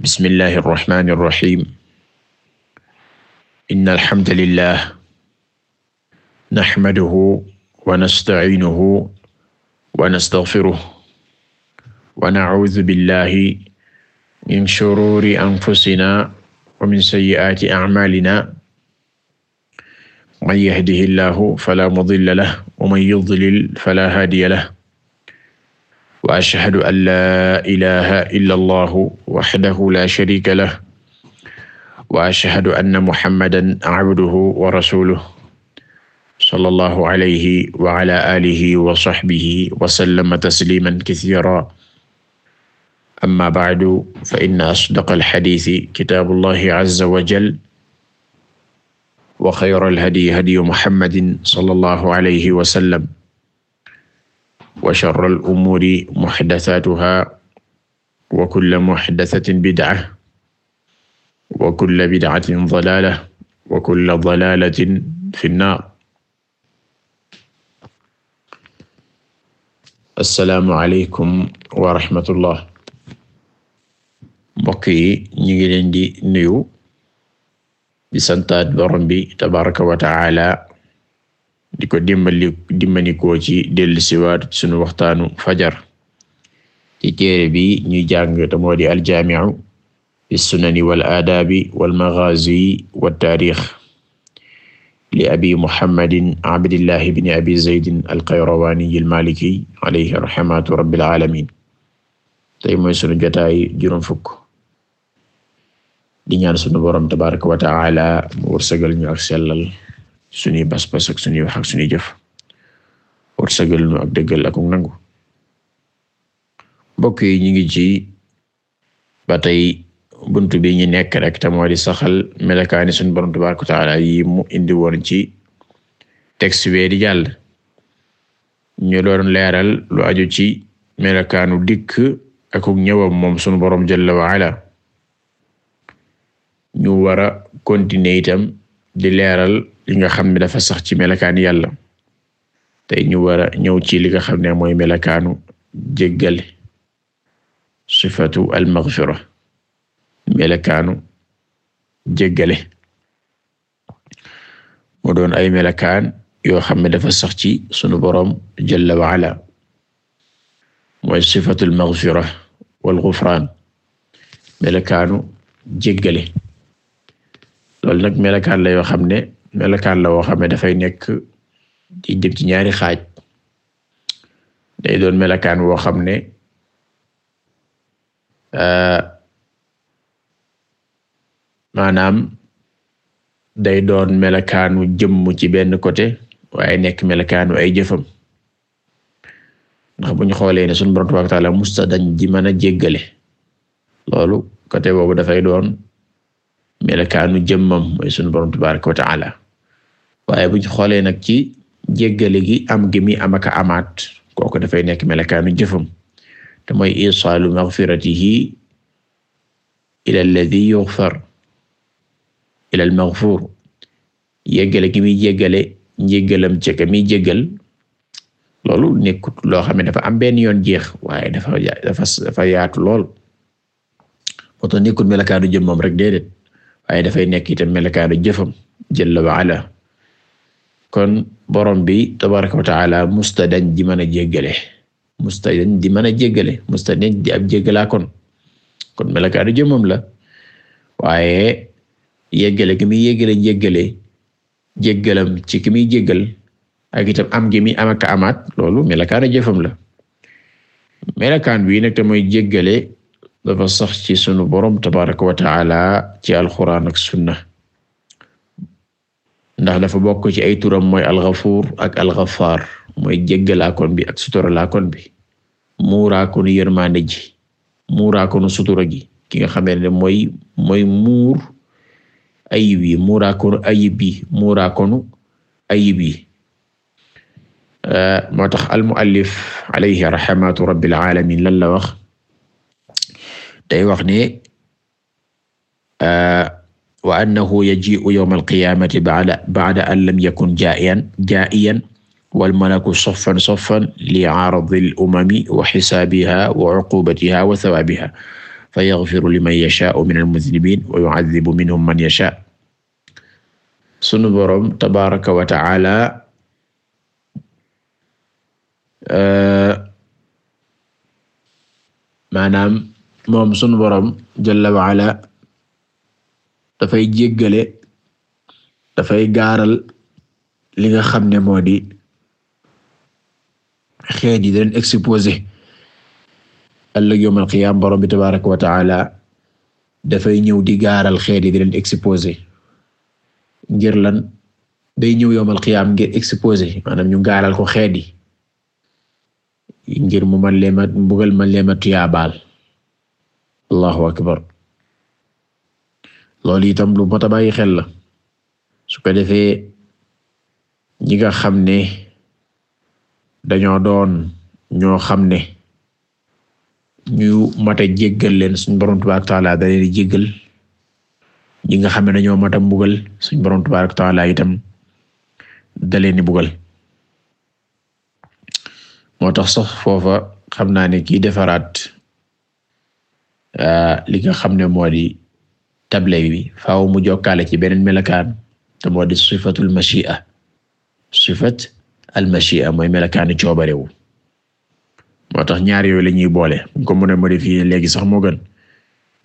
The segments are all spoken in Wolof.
bismillahi irrahmani irrahim inna alhamdulillah naxmaduhu wa nastaciinuhu wa nastaxfiruh wa nacuudu billahi min shuruuri anfusina wa min sayyi'aati acmaalina man yahdihi llahu falaa mudilla lahu wa man yudlil falaa haadiya lahu wa ashhadu an laa ilaha illa allahu waxdahu la sharika lah wa ashhadu anna muhammadan abduhu wa rasuluhu sallallahu alayhi wa ala alihi wa sahbihi wa sallama tasliman kathira amma ba'du fa inna asdaqa alhadithi kitabullahi azza wa jal wa xayra alhadyi hadyu muhammadin sallallahu alayhi wa sallam wa sharral umuuri muhdasaatuhaa wa kulla muhdasatin bid'a wa kulla bid'atin dalaala wa kulla dalaalatin fi nnaar. Assalaamu aleykum wa rahmatullah. Mbokk yi ñu ngi leen di nuyu di santaat Boroom bi tabaaraka wa ta'aala di ko dimbali dimbanikoo ci dellusiwaat sunu waxtaanu fajar ci bi ñuy jàng te moo di aljaami'u fi sunani wal aadaabi wal li abi muhammadin abdillah ibn abi zaydin alqayrawaani almaliki alayhi rahmatu rabbil aalamiin tey mooy sunu jotaay juróom fukk di ñaan sunu borom tabaaraka wa ta'aala mu wërsëgal ñu ak sellal suñuy bas-bas ak suñuy wax ak suñuy jëf war sagal nu ak dëggal ak nangu mbokk yi ñu ngi ci ba tey bunt bi ñu nekk rek te moo di saxal melakaani suñu borom tabaaraka wa taala yi mu indi woon ci texte wee di jàll ñu doon leeral lu aju ci melakaanu dikk ak ñëwam moom suñu borom jalla wa ala ñu war a itam di leeral li nga xam ne dafa sax ci melakaan yàlla tey ñu war a ñëw ci li nga xam ne mooy melakaanu jéggale sifatu almaghfira melakaanu jéggale mu doon ay melakaan yoo xam ne dafa sax ci sunu boroom jalla wa ala mooy sifatu almaghfira wal ghufran melakaanu jéggale loolu nag melakaan la yoo xam ne melokaan la woo xam ne dafay nekk di jëm ci ñaari xaaj day doon melokaan woo xam ne euh, maanaam day doon melokaanu jëmm ci benn côté waaye nekk melokaanu ay jëfam ndax bu ñu xoolee ne sunu borom tabaaraka taala musta dañ ji mën a jéggale loolu côté boobu dafay doon melokaanu jëmmam mooy sunu borom tabaaraka wa taala waaye bu ñu xoolee nag ci jéggale gi am gi mi am ak amaat kooku dafay nekk melakaanu jëfam te mooy isaalu maghfiratihi ila alladhi yughfar ila al-maghfur jéggale gi muy jéggale njéggalam ci mi jéggal loolu nekkut loo xam ne dafa am benn yoon jeex waaye dafa dafa dafa yaatu lool moo tax nekkut melakaanu jëmmam rek déedéet waaye dafay nekk itam melakaanu jëfam jalla wa ala kon borom bi tabaraka wa taala mustadan di mën a jéggale mustadan di mën a jéggale mustadan di ab jéggalaa kon kon melakaanu jëmmam la waaye yéggale ki muy yéggale jéggale jéggalam ci ki muy jéggal ak am gi muy am ak amaat loolu jëfam la melakaan bii nag te mooy jéggale dafa sax ci sunu borom tabaraka wa ci alxuraan ak sunna ndax dafa bokk ci ay turam mooy alxafuur ak alxafaar mooy jéggalaakoon bi ak suturalaakoon bi muuraakoonu yërmaande ji muuraakoonu sutura gi ki nga xamee ne mooy mooy muur ayib yi muuraakoonu ayib yi muuraakoonu ayib euh, moo tax almuallif alayhi raxmatu rabbil alamin lan la wax day wax ne euh, wa annahu yaji'u yawma al-qiyaamati ba'da ba'da an lam yakun jaa'iyan jaa'iyan wal malaku saffan saffan li'aaradi al-umami wa hisaabihaa wa 'uquubatihaa wa thawaabihaa fa yaghfiru liman yashaa'u mina al-mudhnibiina wa yu'adhibu minhum man yashaa'u. Sunu Boroom tabaaraka wa ta'aala eh, maanaam moom sunu Boroom jalla wa 'alaa dafay jéggale dafay gaaral li nga xam ne moo di xeet yi dañ exposé ëllëg yawmal qiyaam borom bi tabaaraka wa dafay ñëw di gaaral xeet yi di leen exposé ngir lan day ñëw yawmal qiyaam ngir exposé maanaam ñu gaaral ko xeet yi ngir mu man leema mbugal man leema tuyaabaal allahu akbar loolu itam lu mot a bàyyi xel la su ko defee ñi nga xam ne dañoo doon ñoo xam ne ñu mat a leen suñ borom tabaaraka taala da leen di jéggal ñi nga xam ne dañoo mat a mbugal suñ borom tabaaraka taala itam da leen di mbugal moo tax sax foofa xam naa ne kii defaraat ah, li nga xam ne moo di table bi faaw mu jokkaale ci beneen melakaan te moo di sifatul machia sifat al machia mooy melakaani coobarewu moo tax ñaar yooyu la ñuy boole buñ ko mën a modifier léegi sax moo gën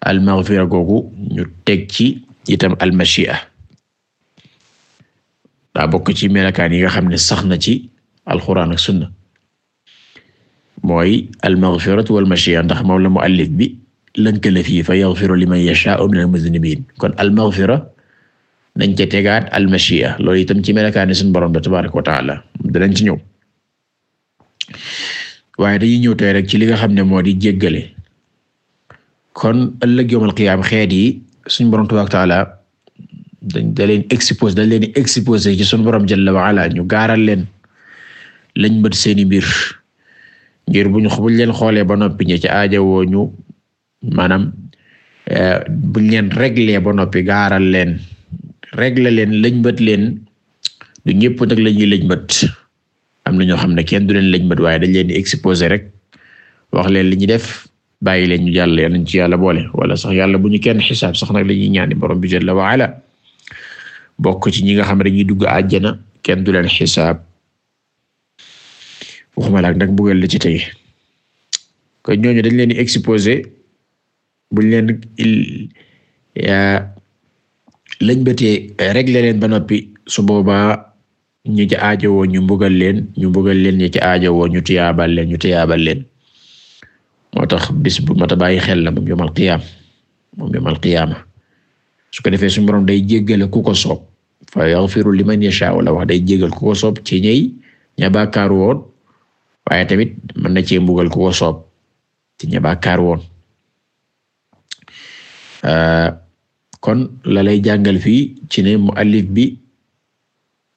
al maghfira googu ñu teg ci itam al daa bokk ci melakaan yi xam ne sax na ci alxuraan ak sunna mooy al maghfiratu machia ndax moom la muallif bi lënkale fii fa yaghfiru liman yasha'u minal muznibiin kon al-maghfira nañ ca tegaat al-mashi'a loolu itam ci melakaani suñu borom ba tabaaraka wa danañ ci ñëw waaye dañuy ñëw tey rek ci li nga xam ne moo di jéggale kon ëllëg yawmal qiyaama xeet yi suñu borom dañ da leen exposé dañ leen exposé ci suñu borom jalla wa ala ñu gaaral leen lañ bët seeni mbir ngir ñu buñ leen xoolee ba noppi ñe ci aajawoo ñu maanaam eh, buñ leen régler ba noppi gaaral leen régler leen lëñbët leen du ñëpp nag la ñuy lëñbët am na ñoo xam ne kenn du leen lëñbët waaye dañ leen di exposé rek wax leen li ñu def bàyyi leen ñu jàll leen nañ ci yàlla boole wala sax yàlla bu ñu kenn xisaab sax nag la ñuy ñaani borom bi la wa ala bokk ci ñi nga xam ne dañuy dugg àjjana kenn du leen xisaab waxuma laak nag bugal la ci tey kon ñooñu dañ leen di exposer buñ leen lañ bëtee régler leen ba noppi su boobaa ñu ci aajowoo ñu mbugal leen ñu mbugal leen ñu ci aajowoo ñu tuyaabal leen ñu tuyaabal leen moo tax bis bu mata bàyyi xel na moom yomal qiyaam moom yomal qiyaama su ko defee suñu borom day jéggale ku ko soob fa yaghfiru liman yashaa'u la wax day jéggal ku soob ci ñëy ña waaye tamit mën na cee mbugal ku soob ci ña bàkkaar woon Euh, kon lalay lay jàngal fii ci ne mu muallif bi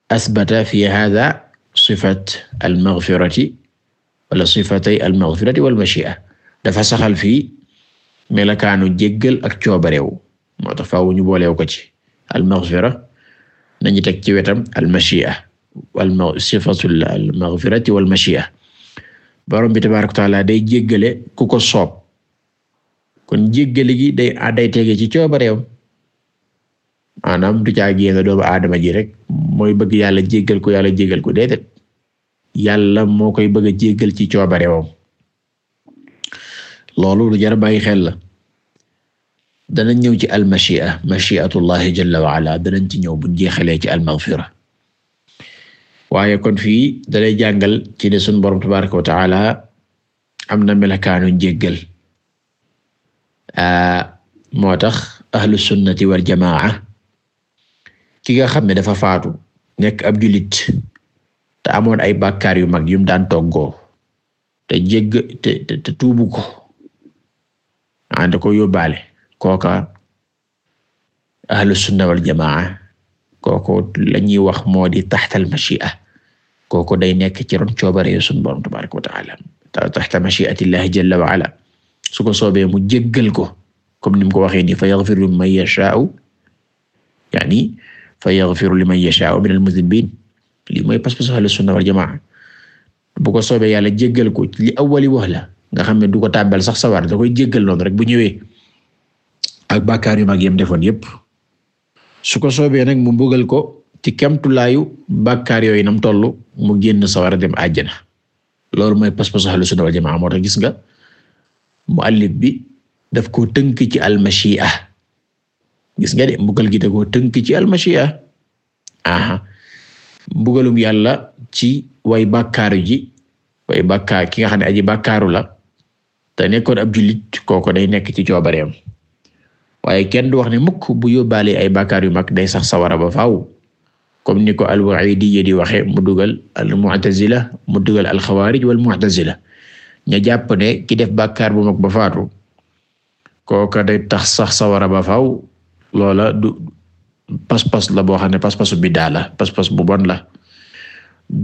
asbata fi hada sifat almaghfirati wala sifatay almaghfirati wal mashia dafa saxal fii melakaanu jéggal ak coobareew moo tax faaw ñu booleew ko ci almaghfira nañu teg ci wetam almashia wal sifatul almaghfirati wal mashia borom bi tabaaraka day jéggale ku ko kon jéggale gi day day ci coobareem maanaam du caa génn doomu aadama ji rek mooy bëgg yàlla jéggal ko yàlla jéggal ko déedéet yàlla moo koy bëgg a jéggal ci coobareewam loolu lu jar bàyyi xel la dana ñëw ci al machia machiatullahi jalla wa ala danañ ci ñëw bu jeexalee ci al maghfira waaye kon fii dalay jàngal ci ne sunu borom tabaraka wa taala am na melakaanu jéggal moo tax ahlu sunnati wal jamaa ki nga xam ne dafa faatu nekk ab julit te amoon ay bàkkaar yu mag yum daan toggoo te jégg te te tuubu ko ànd ko yóbbaale kooka ahlu sunna wal jamaa kooku la ñuy wax moo di taxtal machia kooku day nekk ci ron coobare yu sunu borom tabaraka wa taala taxta machiatillahi jalla wa ala su ko soobee mu jéggal ko comme ni mu ko waxee ni fa yaghfiru liman yasha'u yani fa yaghfiru liman yasha'u min al-mudhnibin lii mooy pas-pas ahlu sunna wal jamaa bu ko soobee yàlla jéggal ko li awwali wahla nga xam ne du ko tàbbal sax sawar da koy rek bu ñëwee ak bàkkaar yu mag yem defoon yépp su ko soobee nag mu bëggal ko ci kemtulaayu bàkkaar yooyu nam tollu mu génn sawar dem àjjana loolu mooy pas-pas ahlu sunna wal jamaa moo ta gis nga mu muallif bi daf koo tënk ci almashia gis nga de mbugal gi da koo tënk ci almashia aha mbugalum yàlla ci way bàkkaaru ji way bàkkaar ki nga xam ne aji bàkkaaru la te nekkoon ab jullit kooku day nekk ci coobareem waaye kenn du wax ne mukk bu yóbbaale ay bàkkaar yu mag day sax sawara ba faaw comme ni ko al-Wa'idiyya di waxe mu dugal al-Mu'tazila mu dugal al-Khawarij wal-Mu'tazila ña jàpp ne ki def bàkkaar bu mag ba faatu kooka day tax sax sawara ba faw loola du pas-pas la boo xam ne pas-pasu biddaa la pas-pas bu bon la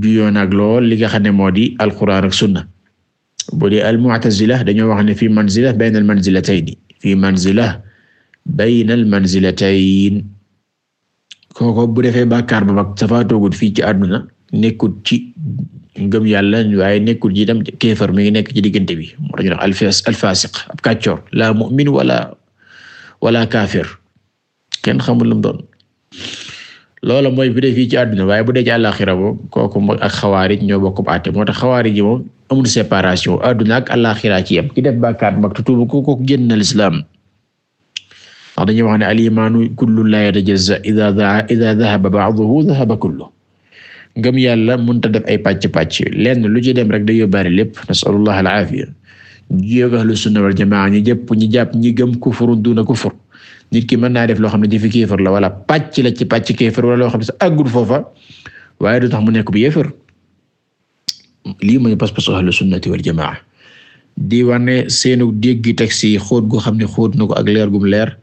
juyoon nag lool li nga xam ne moo di alquran ak sunna bu dee almu'tazila dañoo wax ne fii manzila bayna al manzilatayn fii manzila bayna al manzilatayn kooko bu defee bàkkaar bu mag safaatoogut fii ci àdduna nekkut ci ngëm yàlla waaye nekkul ji dem kéefar mi ngi nekk ci diggante bi moo tax ñu al alfasiq ab kàccoor la mu'min wala wala kaafir kenn xamul lu mu doon loola mooy bu dee fii ci àdduna waaye bu dee ci àllaaxira moom moo tax xawaarij yi moom amul séparation ak àllaaxira ci yem ki def bàkkaar mag tutubu ko ko génn na lislaam ndax dañuy wax ne al imaanu kullu la yatajazza idha dhahaba ba'duhu kullu ngëm yàlla mënut a def ay pàcc-pàcc lenn lu ci dem rek day yóbbaale lépp nasalullah alaafiya jiyoog ahlu sunna wal jamaa ñi jëpp ñi jàpp ñi gëm kufurun duna kufur nit ki mën naa def loo xam ne jëfi kéefër la wala pàcc la ci pàcc kéefër wala loo xam ne sa àggul foofa waaye du tax mu nekk bu yéefër lii mooy pas-pasu ahlu sunnati wal jamaa di wane seenu dégg teg si xóot gu xam ne xóot na ko ak leer gum leer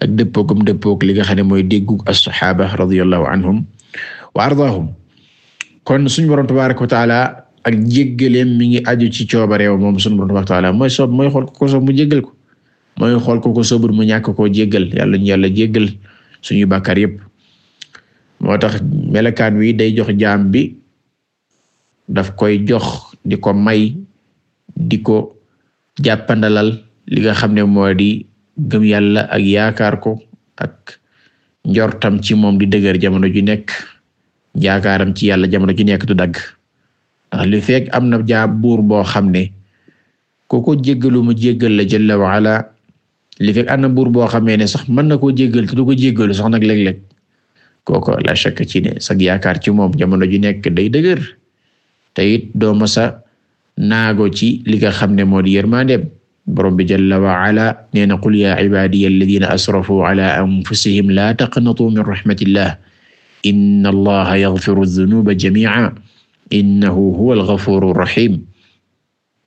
ak dëppoogum dëppoog li nga xam ne mooy déggu as-saxaaba radiyallahu anhum wa ardaahum kon suñu borom tabaaraka wa taala ak jéggaleem mi ngi aju ci coobareew moom suñu borom tabaaraka wa taala mooy soob mooy xool ko soob mu jéggal ko mooy xool ko ko soobul mu ñàkk koo jéggal yàlla ñu yàlla jéggal suñu bàkkaar yëpp moo tax melakaan wi day jox jaam bi daf koy jox di ko may di ko jàppandalal li nga xam ne moo di gëm yàlla ak yaakaar ko ak njortam ci moom di dëgër jamono ju nekk yaakaaram ci yàlla jamono ju nekk du dagg ndax li fekk am na jaa buur boo xam ne ku ko jéggalu mu jéggal la jalla wa li fekk am na buur boo xamee ne sax mën na koo jéggal te du ko jéggalu sax nag léeg-léeg kooku la shakk ci ne sag yaakaar ci moom jamono ju nekk day dëgër te it doo masa naago ci li nga xam ne moo di yërmandeem borom bi jalla wa ala nee na qul ya ibadiya alladhina asrafu ala anfusihim la taqnatu min rahmatillah inna allaha yaghfiru dhunuba jamii'an innahu huwal ghafuurur rahiim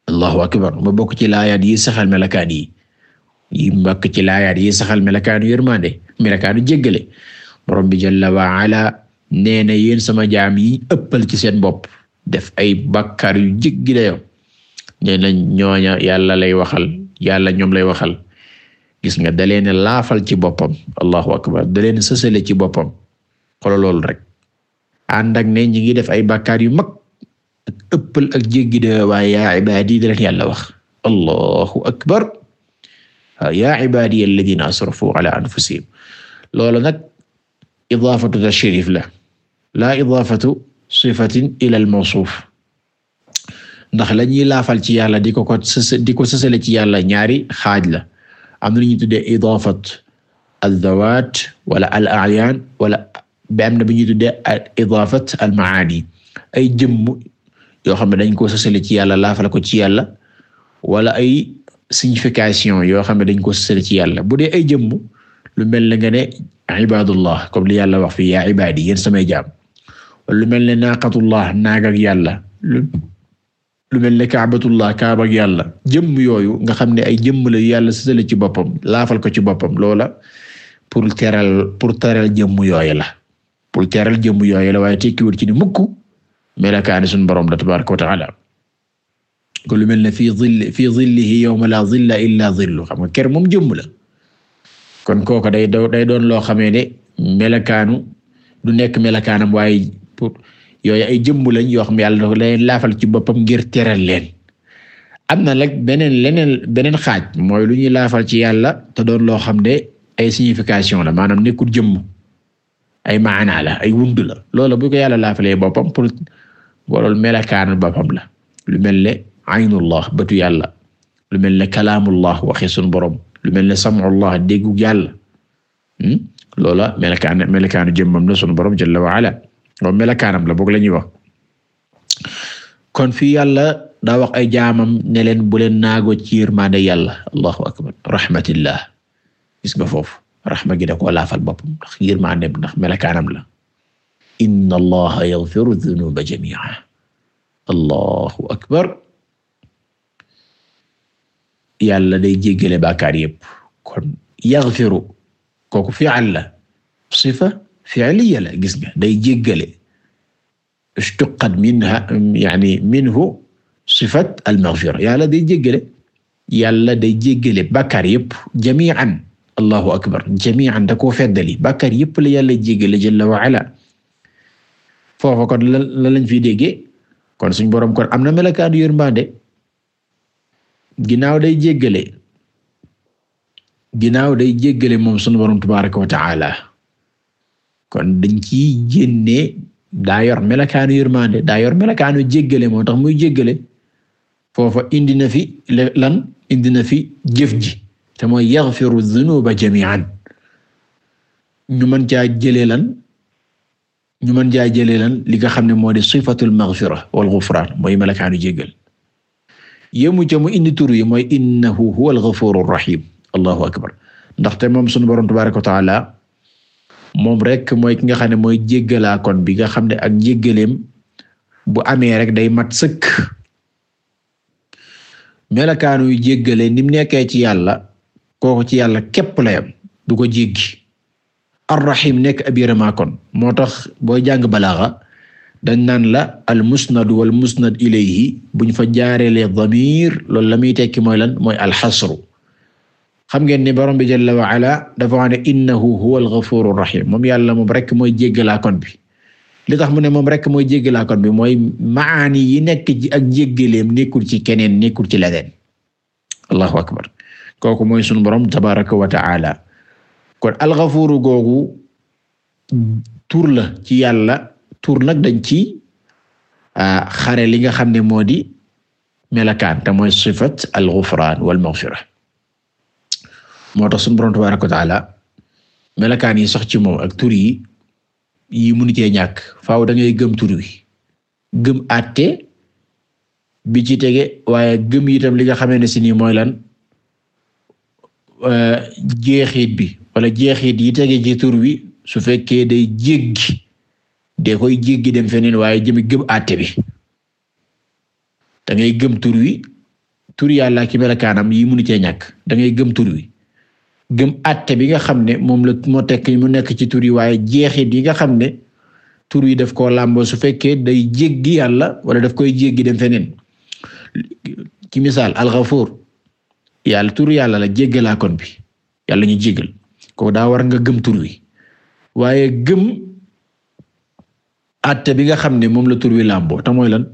allahu akbar ma bokk ci laayaat yi saxal melakaan yi yi bokk ci laayaat yi saxal melakaanu yërmande melakaanu jéggale borom bi jalla wa ala nee na yéen sama jaam yi ëppal ci seen bopp def ay bàkkaar yu jéggi dayo nee na ñooña yàlla lay waxal yàlla ñoom lay waxal gis nga da leen laafal ci boppam allahu akbar da leen sësale ci boppam xoolal loolu rek ànd ak ne ñi ngi def ay bakkaar yu mag ak ëppal ak jéggi waaye yaa ibaadi da leen yàlla wax allahu akbar yaa ibaadi alladina asrafu ala anfusihim loolu nag idaafatu tashrif la laa idaafatu sifatin ila al mawsuuf ndax la ñuy laafal ci yàlla di ci yàlla ñaari xaaj la am na lu ñuy al dawaat wala al a'yaan wala bi am na bi ñuy tuddee idaafat al maani ay jëmm yoo xam ne dañ ko sosale ci yàlla laafale ko ci yàlla wala ay signification yoo xam ne dañ ko sosale ci yàlla bu dee ay jëmm lu mel ne nga ne ibadullah comme li yàlla wax fi yaa ibaadi yéen samay jaam lu mel ne naaqatullah naag ak yàlla lu mel ne kaabatullah kaab ak yàlla jëmm yooyu nga xam ne ay jëmm la yàlla sosale ci boppam laafal ko ci boppam loola pour teral pour teral jëmm yooyu la bul teral jëmm yooyu la waaye tekkiwul ci ni mukk melakaani suñu borom la tabaaraka wa ta'ala ko lu mel ne fii zill fii zillihi yawma laa zilla illaa zillu xam nga ker moom jëmm la kon kooku day day doon loo xamee ne melakaanu du nekk melakaanam waaye pour yooyu ay jëmm lañ yoo xam ne yàlla lay laafal ci boppam ngir teral leen. am na nag beneen leneen beneen xaaj mooy lu ñuy laafal ci yàlla te doon loo xam ne ay signification la maanaam nekkul jëmm. ay maanaa la ay wund la loola bu ko yàlla laafalee boppam pour loolu melakaanu la lu mel ne aynullah yàlla lu mel ne na waxi sunu borom lu mel ne sam'ullah déggu yàlla hmm? loola melakaan melakaanu jëmmam la sunu borom jalla wa ala loolu la boog la ñuy wax kon fii yàlla daa wax ay jaamam ne leen bu leen naagoo ci yërmande yàlla allahu akbar rahmatillah gis nga foofu raxma gi da koo laafal boppam ndax yërmaandeem ndax melakaanam la inna allaha yaghfiru dhunuba jami'a allahu akbar yàlla day jéggale bàkkaar yépp kon yaghfiru kooku fi'al la sifa fi'liya la gis nga day jéggale ishtuqqat minha yani minhu sifat al-maghfira yàlla day jéggale yàlla day jéggale bàkkaar yépp jami'an allahu akbar jami'an da koo feddali bàkkaar yëpp la yàlla jéggal jalla wa ala foofa kon la lañ fiy déggee kon suñ boroom kon am na melakaanu yërmande ginnaaw day jéggale ginnaaw day jéggale moom sunu boroom tabaraka wa kon dañ ciy génnee daa yor melakaanu yërmande daa yor melakaanu jéggale moo tax muy jéggale foofa indi na fi lan indi na fi jëf ji te mooy yaghfiru dhunuba jami'an ñu mën caa jëlee lan ñu mën caa jëlee lan li nga xam ne moo di sifatul maghfira wal ghufran mooy malakaanu jéggal yému ca mu indi tur yi mooy innahu huwal ghafurur rahim allahu akbar ndaxte moom sunu borom tabaaraka wa taala moom rek mooy ki nga xam ne mooy jéggalaa kon bi nga xam ne ak jéggaleem bu amee rek day mat sëkk melakaanuy jéggale nim nekkee ci yàlla kooku ci yàlla képp la yam du ko jéggi arrahim nekk ab yërëmaa kon moo tax booy jàng balaaxa dañ naan la al musnad wal musnad ilayhi buñ fa jaareele damir loolu la muy tekki mooy lan mooy alxasru xam ngeen ni borom bi jalla wa ala dafa wax ne innahu huwa al ghafuru moom yàlla moom rekk mooy jéggalaa kon bi li tax mu ne moom rekk mooy jéggalaa kon bi mooy maani yi nekk ci ak jéggaleem nekkul ci keneen nekkul ci leneen kooku mooy sunu borom tabaraka wa taala kon alxafuuru googu tur la ci yàlla tuur nag dañ ci xare li nga xam ne moo di melakaan te mooy sifat alxufraan wal maghfira moo tax sunu borom tabaraka wa taala melakaan yi sax ci moom ak tur yi yi munu cee ñàkk faaw da ngay gëm tur wi gëm àtte bi ci tege waaye gëm itam li nga xamee ne si nii mooy lan Euh, jeexit bi wala jeexit yi tege ci tur wi su fekkee day jéggi de koy jéggi dem feneen waaye jëm gëm àtte bi dangay gëm tur wi tur yàlla ki melakaanam yi munu cee ñàkk da ngay gëm tur wi gëm àtte bi nga xam ne moom la moo tekk mu nekk ci tur yi waaye jeexit yi nga xam ne tur yi def koo làmboo su fekkee day jéggi yàlla wala daf koy jéggi dem feneen ci misaal al yàlla tur yàlla la jéggalaakoon bi yàlla ñu jéggal ko daa war nga gëm tur wi waaye gëm àtte bi nga xam ne moom la tur wi làmboo te mooy lan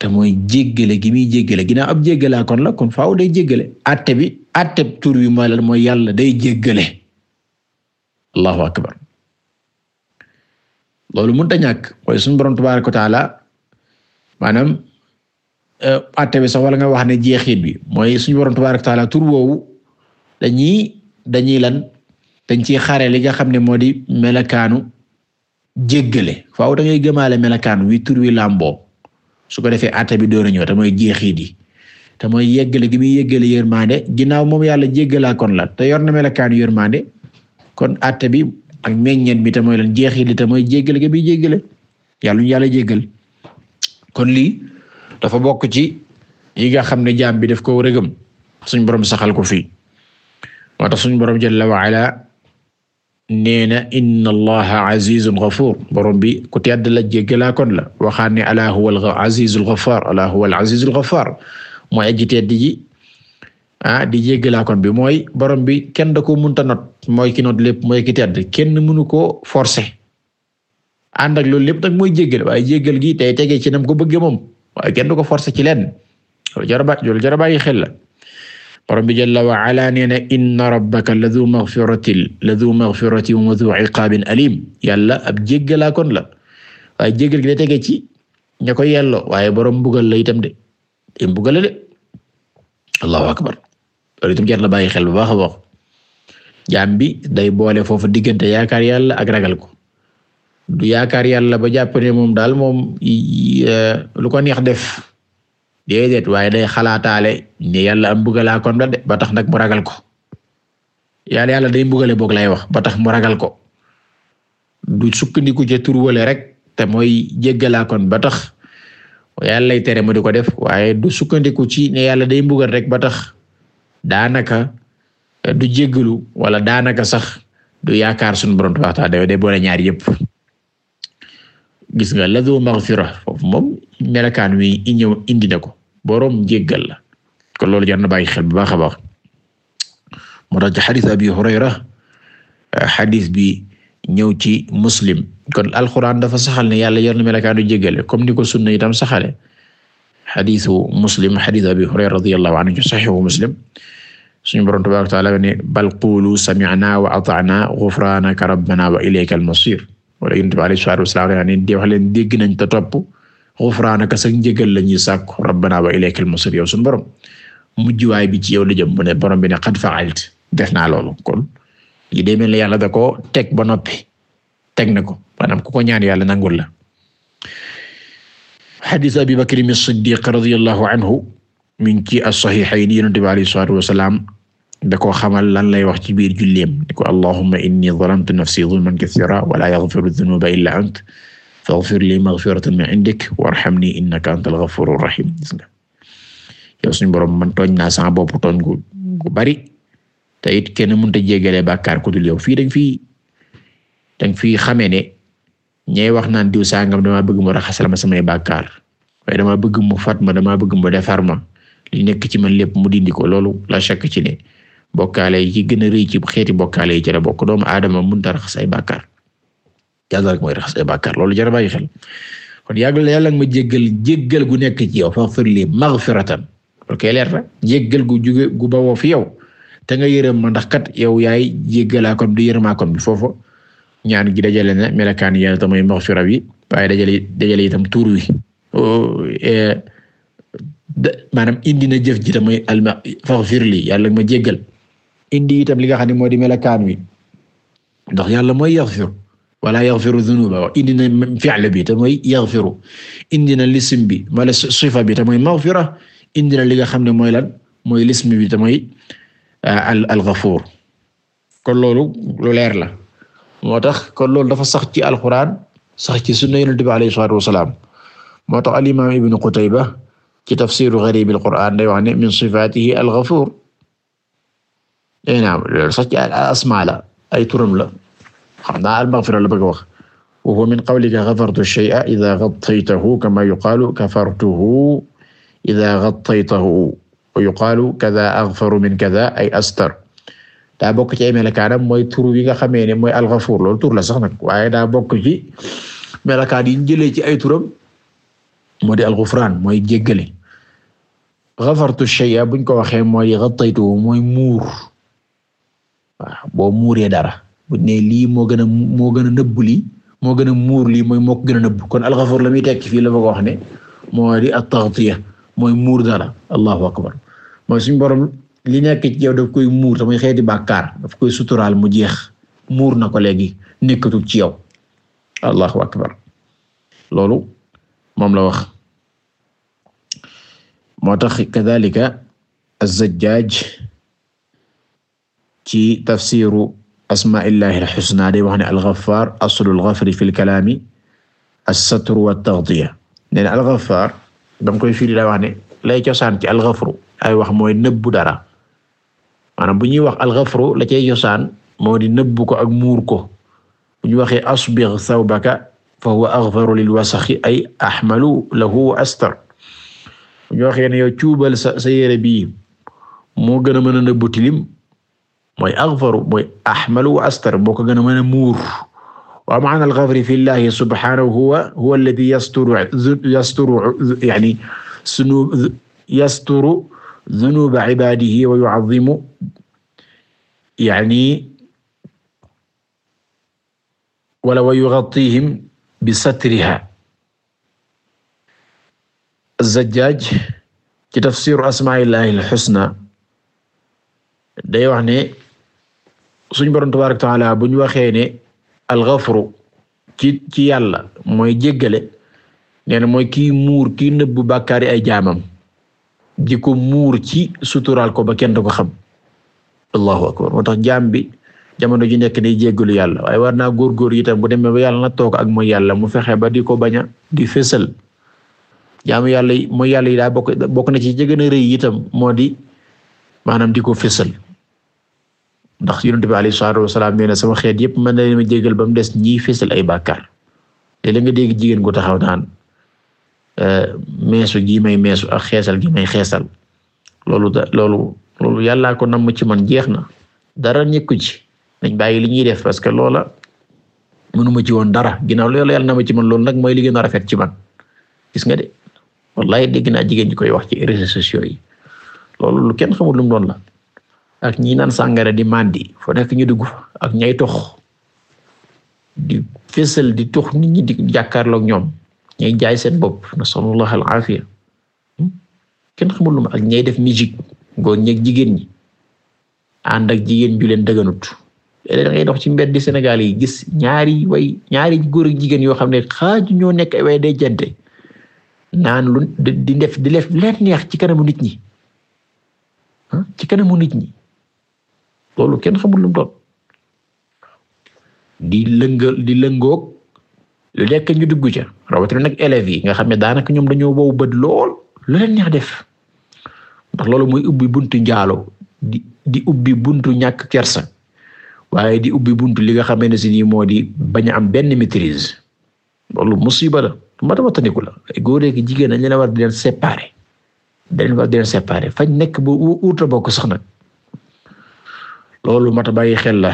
te mooy jéggale gi muy jéggale ginnaaw ab jéggalaakoon la kon faaw day jéggale àtte bi tur wi mooy lan mooy yàlla day jéggale allahu akbar loolu mënta ñàkk mooy suñu borom tabaaraka wa taala maanaam Euh, atte bi sax wala nga wax ne jeexit bi mooy suñu borom tabaaraka taala tur woowu dañuy dañuy lan dañ ciy xare yi nga xam ne moo di melakaanu jéggale faaw da ngay gëmaale melakaanu wi tur wi làmboo su ko defee atte bi doon a ñëw mooy jeexit yi te mooy yeggale gi muy yeggale yërmande ginnaaw moom yàlla jéggalaa kon la te yor na melakaanu yërmande kon atte bi ak meññeen bi ta mooy lan jeexit yi te mooy jéggale gi muy jéggale yàlla ñu yàlla jéggal kon lii dafa bokk ci yi nga xam ne jaam bi daf ko war a gëm suñ borom saxal ko fii moo tax suñ boroom jalla wa ala nee na inna allaha borom bi ku tedd la jéggalaa kon la waxaan ne ala huwa azizul ghafar ala huwa al azizul mooy aji tedd ji ah di jéggalaa bi mooy borom bi kenn da ko munta not mooy ki not lépp mooy ki tedd kenn mënu koo forcer ànd ak loolu lépp nag mooy jéggal waaye jéggal gi tey tegee ci nam ko bëgge moom waaye kenn du ko forcer ci leen loolu jar ba loolu jar bàyyi xel la borom bi jalla wa ala nee na inna rabbaka ladu maghfiratin ladu maghfiratin wa du iqaabin alim yàlla ab jéggalaa kon la waaye jéggal gi da tege ci ña ko yelloo waaye borom mbugal la itam de te mbugal la de allahu akbar loolu itam jar na bàyyi xel bu baax a baax bi day boole foofu diggante yaakaar yàlla ak ragal ko du yaakaar yàlla ba jàpp ne moom daal moom eh, lu kon neex def déedéet waaye day xalaataale ne yàlla am mbugalaa kon la de ba tax nag mu ragal ko yàlla yàlla day mbugale boog lay wax ba tax mu ragal ko du sukkandiku ca turwale rek te mooy jéggalaa ba tax yàlla lay tere mu di ko def waaye du sukkandiku ci ne yàlla day mbugal rek ba tax daanaka du jéggalu wala daanaka sax du yaakaar sunu borom tabax taala day boole ñaar yépp gis nga ladu maghfira foofu moom melakaan wi ñëw indi na ko boroom jéggal la kon loolu jar na bàyyi xel bu baax a baax moo tax ci xadis abi hurayra ah, xadis bi ñëw ci muslim kon alquran dafa saxal ne yàlla a na melakaanu jéggale comme ni ko sunna itam saxale xadisu muslim xadis abi hurayra radiyallahu anhu saxiixu muslim suñu boroom tabaaraka wa taala ne bal qulu sami'na wa ata'na ghufranaka rabbana wa ilayka al wala yonent bi alayhi salaatu wasalaam daa ne di wax leen dégg nañ te topp xufraanaka sa njëgal la ñuy sàkku rabbana wa ilaykal masir yow suñu borom mujjuwaay bi ci yow la jëm mu ne borom bi ne xad fa'alt def naa loolu kon li dee mel ne yàlla da ko teg ba noppi teg na ko maanaam ku ko ñaan yàlla nangul la xadiis abi bakr as-siddiq radiyallahu anhu min ci as-sahihayn yonent bi alayhi salaatu wasalaam da koo xamal lan lay wax ci biir julleem ko allahumma inni zalamtu nafsi zulman kathira wa la yaghfiru dhunuba illa ant faghfir li maghfiratan min indik warhamni innaka antal ghafurur rahim gis nga yow suñu borom man tooñ naa sama bopp tooñ gu gu bari te it kenn mënut a jégalee bàkkaar ku dul yow fii dañ fii dañ fii xamee ne ñay wax naan diw sangam damaa bëgg mu raxasal ma samay bàkkaar waaye damaa bëgg mu fat ma damaa bëgg mu defar ma li nekk ci man lépp mu dindi ko loolu la chàkk ci bokkaale yi gën a rëy xeeti bokkaale yi ci la bokk doomu aadama mënut a raxas ay bàkkaar yàlla rek mooy raxas ay bàkkaar loolu jar a xel kon yàggal yàlla nga ma jéggal jéggal gu nekk ci yow faghfir li maghfiratan gu juge gu bawoo fi yow te nga yërëm ma ndax kat yow yaay jéggalaa kon du yërëmaa kon bi foofu ñaan gi dajale na melakaan yi tamit maghfira wi waaye dajale dajale itam tuur wi eh, maanaam indi na jëf ji tamit al maghfir li yàlla nga ma jéggal indi itam li nga xam ne moo di melakaan wi ndax yàlla mooy yaghfir wala yaghfiru dhunuba indi na fi'l bi te mooy yaghfiru indi na lism bi wala sifa bi te mooy maghfira indi na li nga xam ne mooy lan mooy lism bi te mooy euh, al al ghafur kon loolu lu la moo tax kon loolu dafa sax ci alquran sax ci sunna yonent bi alayhi salaatu wasalaam moo tax al imam ibnu ci tafsiru gharib al quran min sifatihi al ghafur léegi nag sax ci asmaa la ay turam la xam naa al-maghfira la bëgg a wax wa huwa min qawlika ghafartu shay'a idha ghattaytahu kama yuqalu kafartuhu idha ghattaytahu wa yuqalu kadha aghfaru min kadha ay astar daa bokk ci ay melakaanam mooy tur wi nga xamee ne mooy al-Ghafuur loolu tur la sax nag waaye daa bokk ci melakaan yi jëlee ci ay turam moo di al-Ghufraan mooy jéggale ghafartu shay'a buñ ko waxee mooy ghattaytuhu mooy muur waaw muuree dara ne lii moo gën a moo gën a nëbb lii moo gën a muur lii mooy moo gën a nëbb kon alxafuur la muy tekki fii la ma ko wax ne moo di at-taghtiya mooy muur dara allahu akbar mooy suñu borom lii nekk ci yow daf xeeti bàkkaar daf koy suturaal mu jeex muur na ko léegi nekkatul ci yow allahu akbar loolu moom la wax moo tax kadhalika az ci tafsiru asmaillahi alxusna day wax ne alxafaar aslu alxafri fi lkalaami assatru wattaxdiya nee na alxafaar dam koy firi daa wax ne lay cosaan ci alxafru ay wax mooy nëbbu dara maanaam bu ñuy wax alxafru la cay cosaan moo di nëbbu ko ak muur ko bu ñu waxee asbigh thawbaka fa huwa aghfaru lil wasakhi ay ahmalu lahu wa astar bu ñu waxee ne cuubal sa sa yére bii moo gën a mën a tilim mooy aghfaru mooy ahmalu wa astar boo ko gën a mën a muur wa ma'na al-ghafri fi llahi subhanahu huwa huwa alladhi yasturu yasturu yani sunu yasturu dhunuba ibadihi wa yu'azzimu yani wala wa yughattihim bi satriha az-Zajjaj ci tafsir asma'illahi al-husna day wax ne suñ borom tabaaraka taala bu ñu waxee ne alxafru ci ci yàlla mooy jéggale nee na mooy kii muur kii nëbbu bàkkaari ay jaamam di ko muur ci suturaal ko ba kenn du ko xam allahu akbar moo tax jaam bi jamono ju nekk day jéggalu yàlla waaye war naa góorgóor itam bu demee ba yàlla na toog ak mooy yàlla mu fexe ba di ko bañ di fésal jaamu yàlla yi mooy yàlla yi daa bokk bokk na ci jégën a rëy itam moo di maanaam di ko fésal ndax yonent bi alayhi salaatu wasalaam nee sama xeet yëpp mën na leen a jégal ba mu des ñiy fésal ay bàkkaar te la nga dégg jigéen gu taxaw naan euh, meesu gi may meesu ak xeesal gi may xeesal loolu da loolu loolu yàllaa ko namm ci man jeex na dara ñekku ci dañ bàyyi li ñuy def parce que loola mënuma ci woon dara ginnaaw loolu yàlla namm ci man loolu nag mooy li gën a rafet ci man gis nga de wallahi dégg naa jigéen ñi koy wax ci réseaux sociaux yi loolu lu kenn xamul lu mu doon la ak ñi naan sàngara di màndi fo nekk ñu dugg ak ñay tox di fésal di tox nit ñi di jàkkaarloog ñoom ñay jaay seen bopp nasalullah al afiya hmm? kenn xamulum ak ñay def musique góor ñeeg jigéen ñi ànd ak jigéen ju leen dëgganut ngay dox ci mbedd Sénégal yi gis ñaari way ñaari góor jigéen yoo xam ne xaaju ñoo nekk ay way day jante naan lu di def di def leen neex ci kanamu nit ñi hmm? kanamu nit ñi loolu kenn xamul lu mu doon di lëngal di lëngoog lu nekk ñu dugg ca rawatina nag élèves yi nga xam ne daanaka ñoom dañoo wow bët lool lu leen neex def ndax loolu mooy ubbi buntu njaaloo di di ubbi buntu ñàkk kersa waaye di ubbi buntu li nga xamee ne si nii moo di bañ a am benn maîtrise loolu musiba la ma dama tëndiku la góor ak jigéen dañ leen war di leen séparer dañ leen war di leen fañ nekk ba wuute bokk sax nag. loolu mat a bàyyi xel la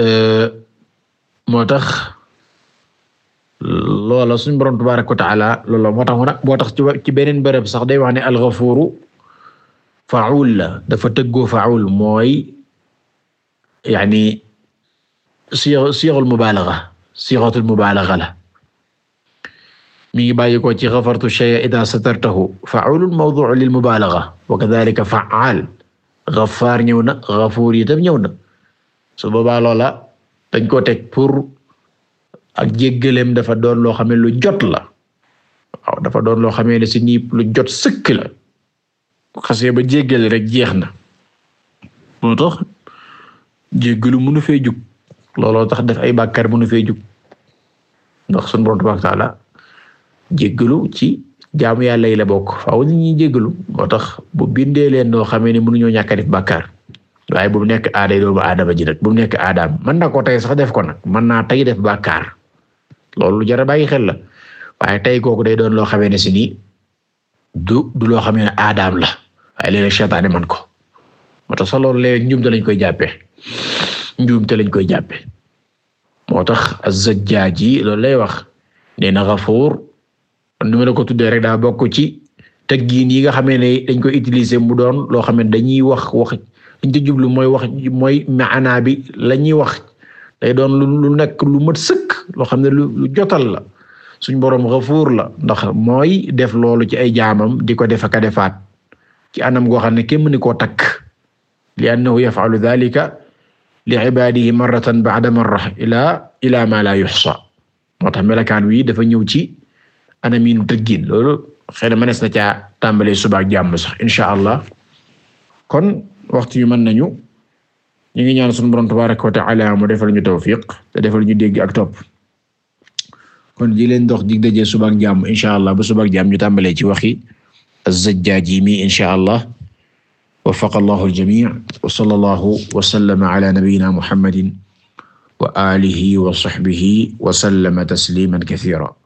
euh, moo tax loola suñu borom tabaaraka wa taala loola moo tax nag moo tax ci beneen bërëb sax day wax ne al-Ghafuuru faul la dafa tëggoo faul mooy yaani siix siixul mubaalaga siixatul mubaalaga la mi ngi bàyyi ko ci ghafartu shay'a idha satartahu faulun mawdu'un lil mubaalaga wa kadhalika fa'al xafaar ñëw na xafuur yi tam ñëw na su boobaa loola dañ ko teg pour ak jéggaleem dafa doon loo xam ne lu jot la waaw dafa doon loo xamee ne si nii lu jot sëkk la xasee ba jéggale rek jeex na moo tax jéggalu mënu fee jug looloo tax def ay bàkkaar mënu fee jug ndax sunu Boroom tabaaraka wa taala jéggalu ci jaamu yàlla yi la bokk faaw nit ñi jéggalu moo tax bu bindee leen noo xamee ne mënuñoo ñàkk a def bàkkaar waaye bu mu nekk aaday doomu aadama ji bu mu nekk aadaam man na ko tey sax def ko nag mën naa tey def bàkkaar loolu jar a bàyyi xel la waaye tey kooku day doon loo xamee ne si nii du du loo xamee ne aadaam la waaye léeg-léeg seytaane man ko moo tax sax loolu léeg njuumte lañ koy jàppee ta lañ koy jàppe moo tax az-Zajjaaji loolu lay wax nee na Gafuur nu ma la ko tuddee rek daa bokk ci teggiin yi nga xamee ne dañ koy utiliser mu doon loo xam ne dañuy wax wax liñ ci jublu mooy wax mooy maanaa bi la wax day doon lu nekk lu mat sëkk loo xam ne lu jotal la suñ boroom xafuur la ndax mooy def loolu ci ay jaamam di ko def ak defaat ci anam goo xam ne kenn mënu koo takk li annahu yaf'alu dhalika li ibadihi marratan ba'da marra ila ila ma la yuhsa moo tax melakaan wi dafa ñëw ci anamiinu tëggin loolu xëy na mënees na caa tàmbalee suba ak jàmm sax incha allah kon waxtu yu mën nañu ñu ngi ñaan sunu borom tabaraka wa taala mu defal ñu tawfiq te defal ñu dégg ak topp kon di leen dox dig dajee suba ak jàmm incha allah ba suba ak jàmm ñu tàmbalee ci waxi az-Zajjaaji mi incha allah wafaqa allahu al-jamii wa sallallahu wa sallama ala nabiyyina muhammadin wa alihi wa sahbihi wa sallama tasliman kathira